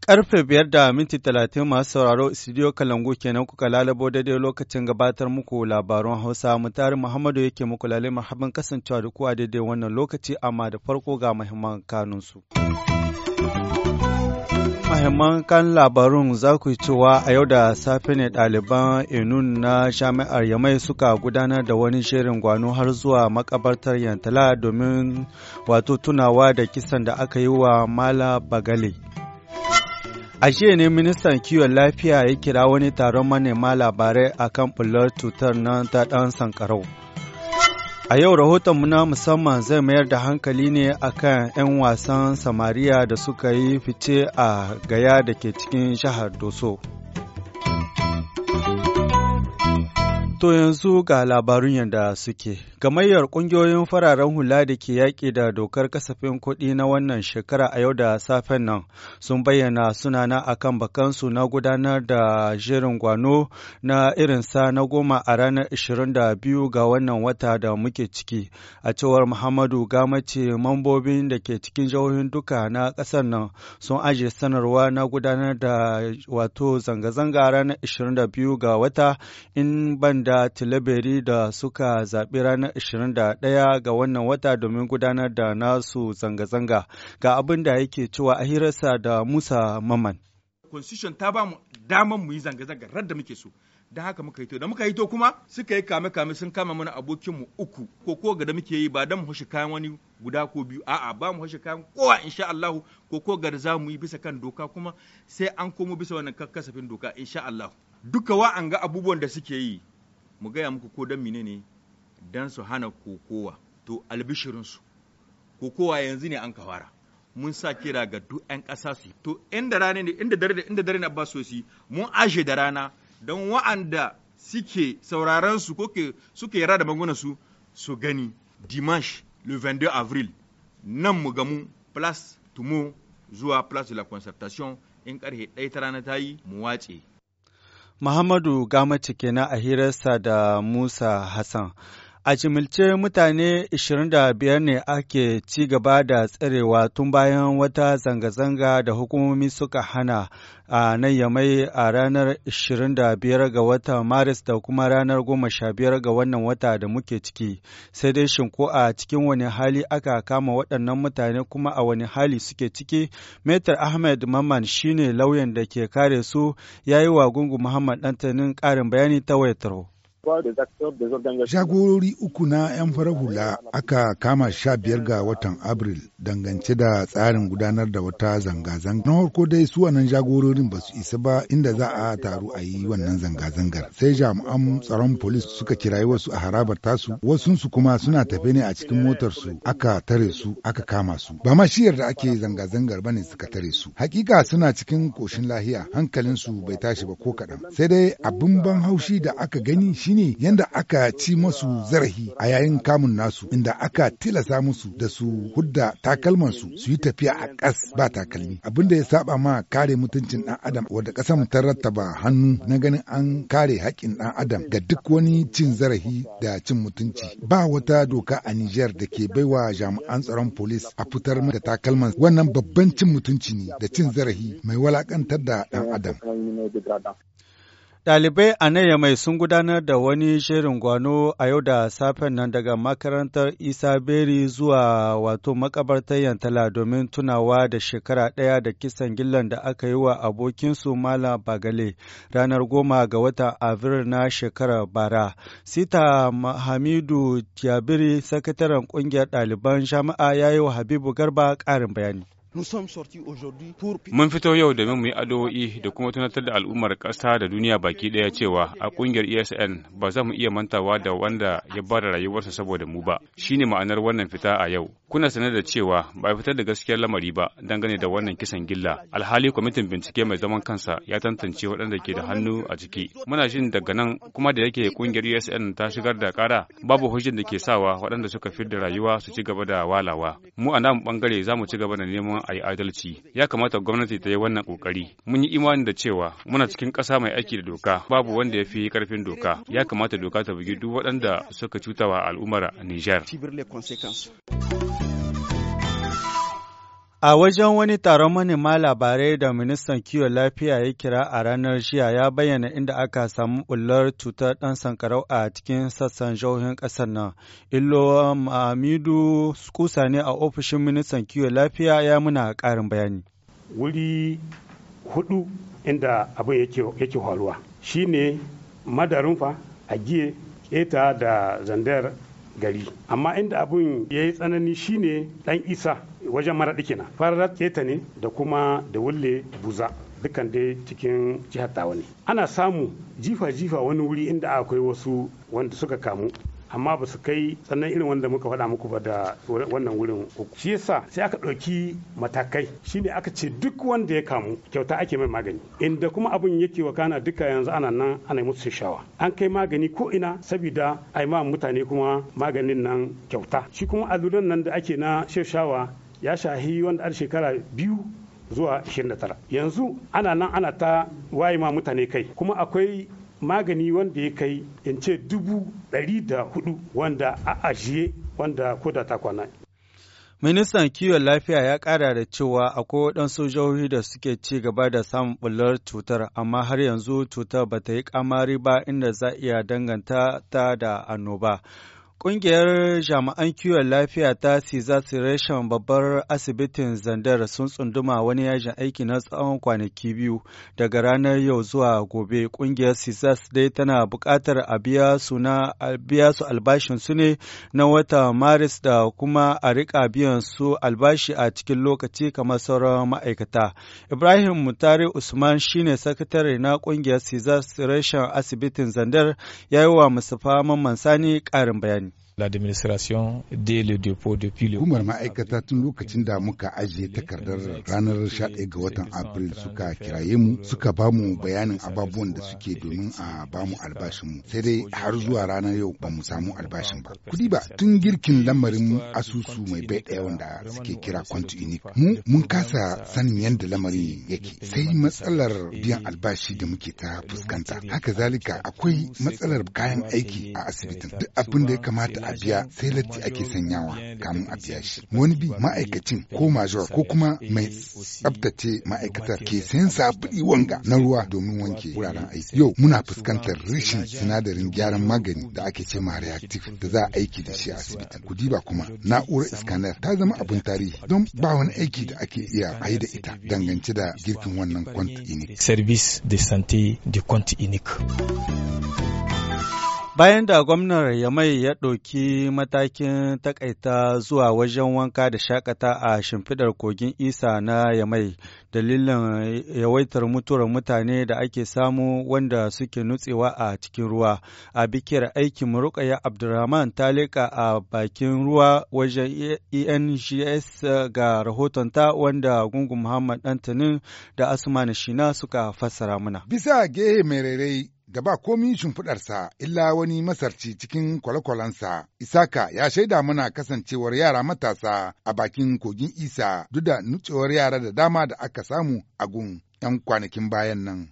Karfe biyar da minti talatin masu sauraro studio Kalangu kenan kuka lalabo daidai lokacin gabatar muku labarun Hausa mutari Muhammadu yake muku lalai marhaban kasancewa da kuwa daidai wannan lokaci amma da farko ga muhimman kanunsu. mahimman kan labarun za ku cewa a yau da safe ne ɗaliban inun na jami'ar yamai suka gudanar da wani shirin gwano har zuwa makabartar yantala domin wato tunawa da kisan da aka yi wa mala bagale a jiya ne ministan kiwon lafiya ya kira wani taron manema labarai akan bullar cutar nan ta ɗan sankarau A yau rahotonmu na musamman zai mayar da hankali ne akan 'yan wasan Samariya da suka yi fice a gaya da ke cikin jihar Doso. To yanzu ga labarun yadda suke. Gamayyar ƙungiyoyin fararen hula da ke yaƙi da dokar kasafin kuɗi na wannan shekara a yau da safen nan sun bayyana sunana a kan bakansu na gudanar da jerin gwano na irin sa na goma a ranar 22 ga wannan wata da muke ciki. A cewar Muhammadu Gamace mambobin da ke cikin jihohin duka na ƙasar nan sun ajiye sanarwa na gudanar da wato zanga-zanga ranar 22 ga wata in ban da Tilaberi da suka zaɓi ranar 21 ga wannan wata domin gudanar da nasu zanga-zanga ga abin da yake cewa a hirarsa da Musa Maman. Constitution ta ba mu damar mu yi zanga-zanga radda muke so. da haka muka hito da muka hito kuma suka yi kame kame sun kama mana abokinmu uku ko ko ga da muke yi ba dan mu hushe kayan wani guda ko biyu a'a ba mu hushe kayan kowa insha Allah ko ko ga da zamu yi bisa kan doka kuma sai an komo bisa wannan kasafin doka insha Allah duka ga abubuwan da suke yi mu gaya muku ko don mine ne su hana kokowa to albishirinsu kokowa yanzu ne an kawara mun sa kira ga duk 'yan ƙasa su to inda rana ne inda dare inda dare na mun ashe da rana don wa'anda suke sauraron su ko suke yara da magunan su su gani dimanche le 22 avril nan mu gamu place tumo zuwa place de la concertation in karhe ɗaya ta rana ta yi mu watse Muhammadu gama kenan a hirarsa da Musa Hassan. A jimilce mutane 25 ne ake ci gaba da tsarewa tun bayan wata zanga-zanga da hukumomi suka hana a nan yamai a ranar 25 ga watan Maris da kuma ranar 15 ga wannan wata da muke ciki. Sai dai shin ko a cikin wani hali aka kama waɗannan mutane kuma a wani hali suke ciki? Metar Ahmed Maman shine lauyan da ke kare su ya yi wa gungu Muhammad Dantanin ƙarin bayani ta wayar Jagorori uku na 'yan farar hula aka kama sha biyar ga watan Abril dangance da tsarin gudanar da wata zanga-zanga. Na farko dai su wannan jagororin ba su isa ba inda za a taru a yi wannan zanga-zangar. Sai jami'an tsaron polis suka kirayi wasu a harabar tasu, wasunsu kuma suna tafe ne a cikin motarsu, aka tare su aka kama su. Ba ma shiyar da ake zanga-zangar ne suka tare su. Hakika suna cikin koshin lahiya su bai tashi ba ko kaɗan. Sai dai abin ban haushi da aka gani shine ne yadda aka ci masu zarafi a yayin kamun nasu inda aka tilasa musu da su hudda takalmansu su yi tafiya a ƙas ba takalmi abin da ya saba ma kare mutuncin ɗan adam wadda ƙasar ta rattaba hannu na ganin an kare haƙƙin ɗan adam ga duk wani cin zarafi da cin mutunci ba wata doka a Niger da ke baiwa jami'an tsaron polis a fitar da takalman wannan babban cin mutunci ne da cin zarafi mai walakantar da ɗan adam Ɗalibai a nan Yamai sun gudanar da wani shirin gwano a yau da safen nan daga makarantar Isa Beri zuwa wato makabartar Yantala domin tunawa da shekara ɗaya da kisan gillan da aka yi wa abokinsu Malam Bagale ranar goma ga wata Abril na shekarar bara. Sita Hamidu Jabiri, sakataren ƙungiyar ɗaliban jami'a ya yi wa Habibu Garba ƙarin bayani. Mun fito yau da mu yi addu'o'i da kuma tunatar da al'ummar ƙasa da duniya baki ɗaya cewa a ƙungiyar ESN ba za mu iya mantawa da wanda ya ba da rayuwarsa saboda mu ba. shi ne ma'anar wannan fita a yau. Kuna sanar da cewa ba fitar da gaskiyar lamari ba dangane da wannan kisan gilla. Alhali kwamitin bincike mai zaman kansa ya tantance waɗanda ke da hannu a ciki. Muna jin daga nan kuma da yake ƙungiyar ESN ta shigar da ƙara babu hujjar da ke sawa waɗanda suka da rayuwa su ci gaba da walawa. Mu a nan ɓangare za mu ci gaba da neman a yi adalci. Ya kamata gwamnati ta yi wannan ƙoƙari. Mun yi imani da cewa muna cikin ƙasa mai aiki da doka, babu wanda ya fi karfin doka. Ya kamata doka ta bugi duk waɗanda suka cutawa al'ummar Nijar. A wajen wani taron manema labarai da ministan kiwon lafiya ya kira a ranar jiya ya bayyana inda aka samu bullar cutar ɗan sankarau a cikin sassan jihohin ƙasar nan. Illo Mamidu kusa ne a ofishin ministan kiwon lafiya ya muna ƙarin bayani. Wuri hudu inda abin yake faruwa shine madarunfa a giye keta da zandar gari amma inda abin ya yi tsanani shine ɗan isa wajen maraɗi kenan farar keta ne da kuma da wulle buza dukkan dai cikin jihar tawa ne ana samu jifa-jifa wani wuri inda akwai wasu wanda suka kamu amma ba su kai sannan irin wanda muka faɗa muku ba da wannan wurin uku shi yasa sai aka ɗauki matakai shi ne aka ce duk wanda ya kamu kyauta ake mai magani inda kuma abin yake wa kana duka yanzu ana nan ana musu shawa an kai magani ko ina saboda a mutane kuma maganin nan kyauta shi kuma alluran nan da ake na shawa ya shahi wanda an shekara biyu zuwa 29 yanzu ana nan ana ta waye ma mutane kai kuma akwai magani wanda ya kai in ce dubu ɗari da hudu wanda a ajiye wanda koda ta kwana Ministan kiwon lafiya ya ƙara da cewa akwai waɗansu jihohi da suke ci gaba da samun bular cutar, amma har yanzu cutar ba ta yi kamari ba inda za iya danganta ta da annoba. Ƙungiyar jami'an kiwon lafiya ta Siza Sireshen babbar asibitin Zandar sun tsunduma wani yajin aiki na tsawon kwanaki biyu daga ranar yau zuwa gobe. Ƙungiyar Sizas dai tana buƙatar a biya su albashin su ne na wata Maris da kuma a riƙa biyan su albashi a cikin lokaci kamar sauran ma'aikata. Ibrahim Mutari Usman shine sakatare na ƙungiyar Sizas Sireshen asibitin Zandar ya yi wa Mustapha Mamman Sani ƙarin bayani. l'administration dès le dépôt depuis le Hukumar ma'aikata tun lokacin da muka ajiye takardar ranar 11 ga watan April suka kiraye mu suka ba mu bayanin ababuwan da suke domin a ba mu albashin mu sai dai har zuwa ranar yau ba mu samu albashin ba kudi ba tun girkin lamarin asusu mai bai ɗaya wanda suke kira kwantu unique mu mun kasa sanin yadda lamarin yake sai matsalar biyan albashi da muke ta fuskanta haka zalika akwai matsalar kayan aiki a asibitin duk abin da ya kamata a biya sai latti ake sanyawa kamun a biya shi wani bi ma'aikacin ko major ko kuma mai tsabtace ma'aikatar ke sayan sabuɗi wanga na ruwa domin wanke wuraren aiki yau muna fuskantar rashin sinadarin gyaran magani da ake ce ma reactive da za a aiki da shi a asibitin ku diba kuma na'urar scanner ta zama abin tarihi don ba wani aiki da ake iya a da ita dangance da girkin wannan kwanti unique service de santé de kwanti unique Bayan da gwamnar Yamai ya ɗauki matakin takaita zuwa wajen wanka da shakata a shimfiɗar kogin Isa na Yamai, dalilin yawaitar mutuwar mutane da ake samu wanda suke nutsewa a cikin ruwa. A bikiyar aikin Rukaya Abdulrahman ta leƙa a bakin ruwa wajen ENGS ga rahotonta wanda Gungun Muhammad Antanin da Asma Shina suka fassara mana. Bisa gehe mai da ba komi shimfiɗarsa illa wani masarci cikin kwale-kwalensa. Isaka ya shaida mana kasancewar yara matasa a bakin kogin Isa duk da nutsewar yara da dama da aka samu a gun. 'yan kwanakin bayan nan.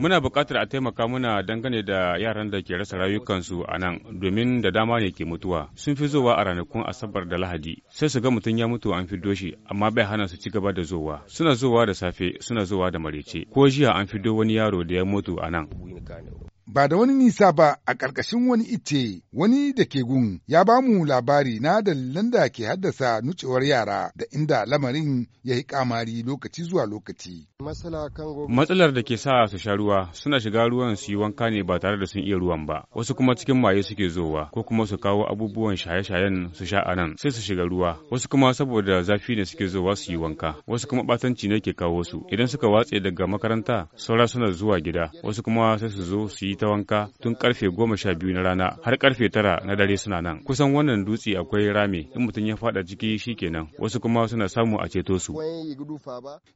Muna buƙatar a taimaka muna dangane da yaran da ke rasa rayukansu a nan domin da dama ne ke mutuwa. Sun fi zowa a ranakun Asabar da Lahadi. Sai su ga mutum ya mutu an fido shi amma bai hana su ci gaba da zowa. Suna zowa da safe, suna zowa da marece. Ko jiya an fido wani yaro da ya mutu a nan. ba da wani nisa ba a ƙarƙashin wani ice wani da ke gun ya ba mu labari na dalilan da ke haddasa nucewar yara da inda lamarin ya yi kamari lokaci zuwa lokaci. Matsalar da ke sa su sha ruwa suna shiga ruwan su yi wanka ne ba tare da sun iya ruwan ba wasu kuma cikin maye suke zowa ko kuma su kawo abubuwan shaye-shayen su sha a nan sai su shiga ruwa wasu kuma saboda zafi ne suke zowa su yi wanka wasu kuma batanci ne ke kawo su idan suka watse daga makaranta saura suna zuwa gida wasu kuma sai su zo su yi ta wanka tun karfe goma sha biyu na rana har karfe tara na dare suna nan kusan wannan dutse akwai rami in mutum ya fada ciki shi kenan wasu kuma suna samu a ceto su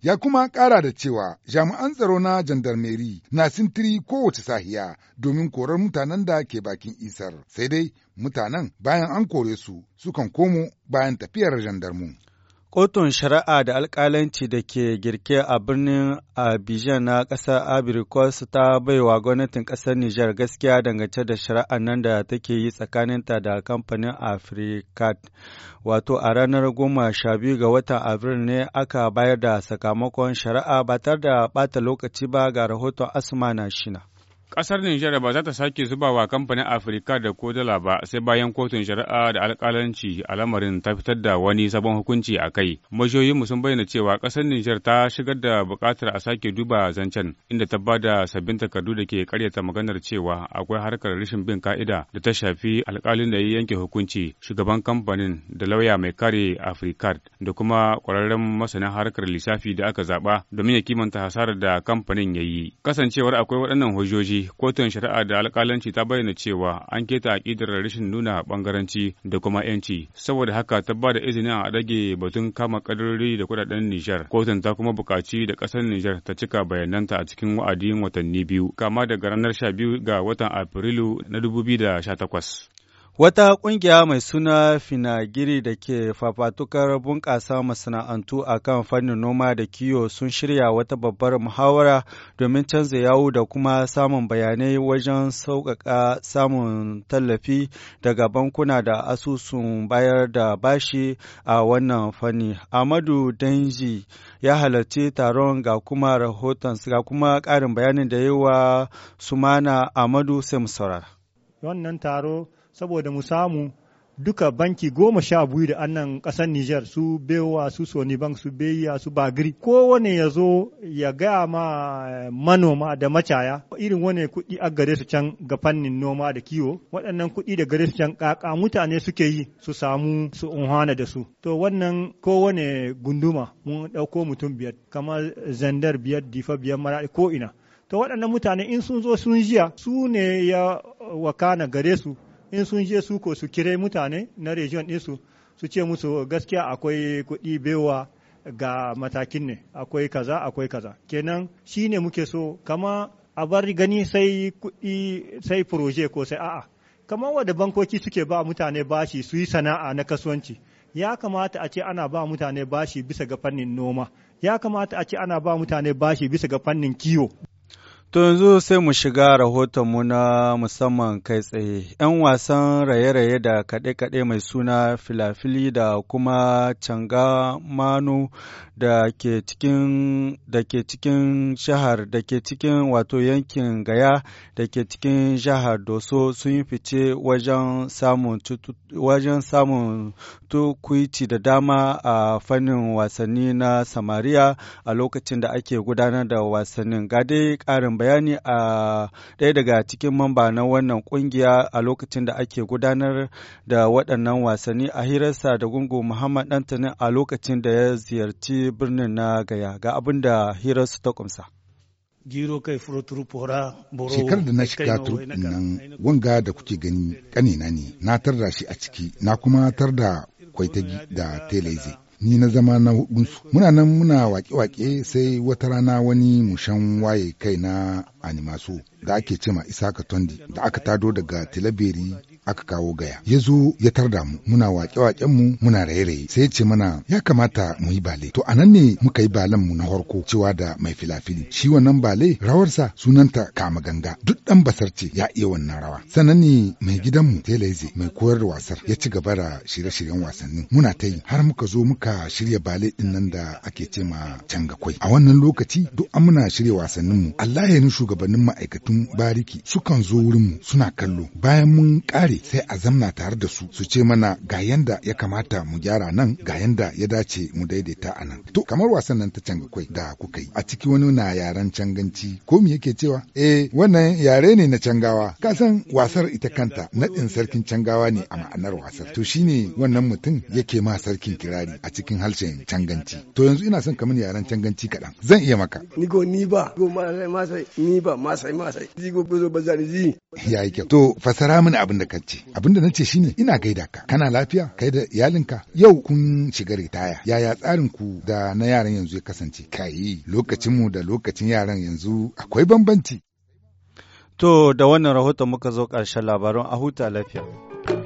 ya kuma kara da cewa jami'an tsaro na jandarmeri na sintiri kowace sahiya domin korar mutanen da ke bakin isar sai dai mutanen bayan an kore su sukan komo bayan tafiyar jandarmu. Kotun shari'a da alkalanci da ke girke a birnin Abidjan na ƙasar Abirikos ta baiwa gwamnatin ƙasar Nijar gaskiya dangance da shari'a nan da take yi tsakaninta da kamfanin Africat. Wato a ranar goma sha biyu ga watan Abril ne aka bayar da sakamakon shari'a ba tare da ɓata lokaci ba ga rahoton Asma na Shina. Ƙasar Nijar ba za ta sake zuba wa kamfanin Afirka da ko dala ba sai bayan kotun shari'a da alƙalanci a lamarin ta fitar da wani sabon hukunci a kai. Majiyoyinmu sun bayyana cewa ƙasar Nijar ta shigar da buƙatar a sake duba zancen inda ta ba da sabbin takardu da ke karyata maganar cewa akwai harkar rashin bin ka'ida da ta shafi alƙalin da ya yanke hukunci shugaban kamfanin da lauya mai kare Afirka da kuma ƙwararren masanin harkar lissafi da aka zaɓa domin ya kimanta hasarar da kamfanin ya yi. Kasancewar akwai waɗannan hujjoji kotun shari'a da alkalanci ta bayyana cewa an keta aƙidar rashin nuna ɓangaranci da kuma 'yanci saboda haka ta ba da izinin a rage batun kama kadarori da kudaden nijar kotun ta kuma buƙaci da ƙasar nijar ta cika bayananta a cikin wa'adin watanni biyu kama daga ranar biyu ga watan afrilu na 2018 Wata ƙungiya mai suna Finagiri da ke fafatukar bunƙasa masana'antu a kan fannin noma da kiwo sun shirya wata babbar muhawara domin canza yawo da kuma samun bayanai wajen sauƙaƙa samun tallafi daga bankuna da asusun bayar da bashi a wannan fanni. Amadu Danji ya halarci taron ga kuma rahoton ga kuma ƙarin bayanin da yi wa Sumana Amadu Semsora. Wannan taro saboda mu samu duka banki goma sha biyu da annan ƙasar Nijar su bewa su Sony Bank su Beya su Bagri kowane ya zo ya gaya ma eh, manoma da macaya irin wane kuɗi a gare su can ga fannin noma da kiwo waɗannan kuɗi da gare su can ƙaƙa mutane suke yi su samu su unhana da su to wannan kowane gunduma mun ɗauko mutum biyar kamar zandar biyar difa biyar mara ko ina to waɗannan mutane in sun zo sun jiya su ne ya wakana gare su in sun je su ko su kire mutane na region ɗinsu su ce musu gaskiya akwai kuɗi bewa ga matakin ne akwai kaza akwai kaza kenan shi ne muke so kama a bar gani sai kuɗi sai proje ko sai a'a kamar wadda bankoki suke ba mutane bashi su yi sana'a na kasuwanci ya kamata a ce ana ba mutane bashi bisa ga fannin noma ya kamata a ce ana ba mutane bashi bisa ga fannin kiwo To yanzu sai mu shiga rahotonmu na musamman kai tsaye, ‘yan wasan raye-raye da kaɗe-kaɗe mai suna filafili da kuma canga manu da ke cikin shahar da ke cikin wato yankin gaya da ke cikin shahar doso sun yi fice wajen samun wajen da dama a fannin wasanni na samariya a lokacin da ake gudanar da wasannin gade ƙarin bayani a ɗaya daga cikin mamba na wannan ƙungiya a lokacin da ake gudanar da waɗannan wasanni a hirarsa da gungu Muhammad Dantanin a lokacin da ya ziyarci birnin na Gaya ga abin da hirarsu ta kumsa. Shekar da na shiga turupin nan wanga da kuke gani ƙanina ne na tarda shi a ciki na kuma tarda kwaitagi da telezi. ni na zama na hudunsu muna nan muna wake-wake sai wata rana wani mushan waye kai na animaso da ake cema isaka tondi da aka tado daga tilabiri aka kawo gaya ya zo ya tar da mu muna waƙe mu muna raye-raye sai ya ce mana ya kamata mu yi bale to anan ne muka yi balen mu na harko cewa da mai filafili shi wannan bale rawarsa sunanta kama ganga duk dan basar ce ya iya wannan rawa sanan ne mai gidanmu telezi mai koyar da wasar ya ci gaba da shirye-shiryen wasannin muna ta yi har muka zo muka shirya bale din nan da ake ce ma canga kwai a wannan lokaci duk an muna shirya mu. Allah ya shugabannin ma'aikatun bariki sukan zo wurin mu suna kallo bayan mun kare kai sai a zamna tare da su su ce mana ga yanda ya kamata mu gyara nan ga yanda ya dace mu daidaita a nan to kamar wasan nan ta canga kwai da kuka yi a ciki wani na yaren canganci ko me yake cewa eh wannan yare ne na cangawa ka san wasar ita kanta nadin sarkin cangawa ne a ma'anar wasar to shine wannan mutum yake ma sarkin kirari a cikin harshen canganci to yanzu ina son kamar yaren canganci kaɗan zan iya maka n'i go ni ba go masai ni ba masai masai go gozo bazari ji. ya yi kyau to fasara mini abin da ka ce da na ce shine ina gaida ka kana lafiya kai da iyalinka yau kun shiga ritaya yaya tsarin ku da na yaran yanzu ya kasance kai lokacin mu da lokacin yaran yanzu akwai bambanci to da wannan rahoton muka zo ƙarshen labarin a huta lafiya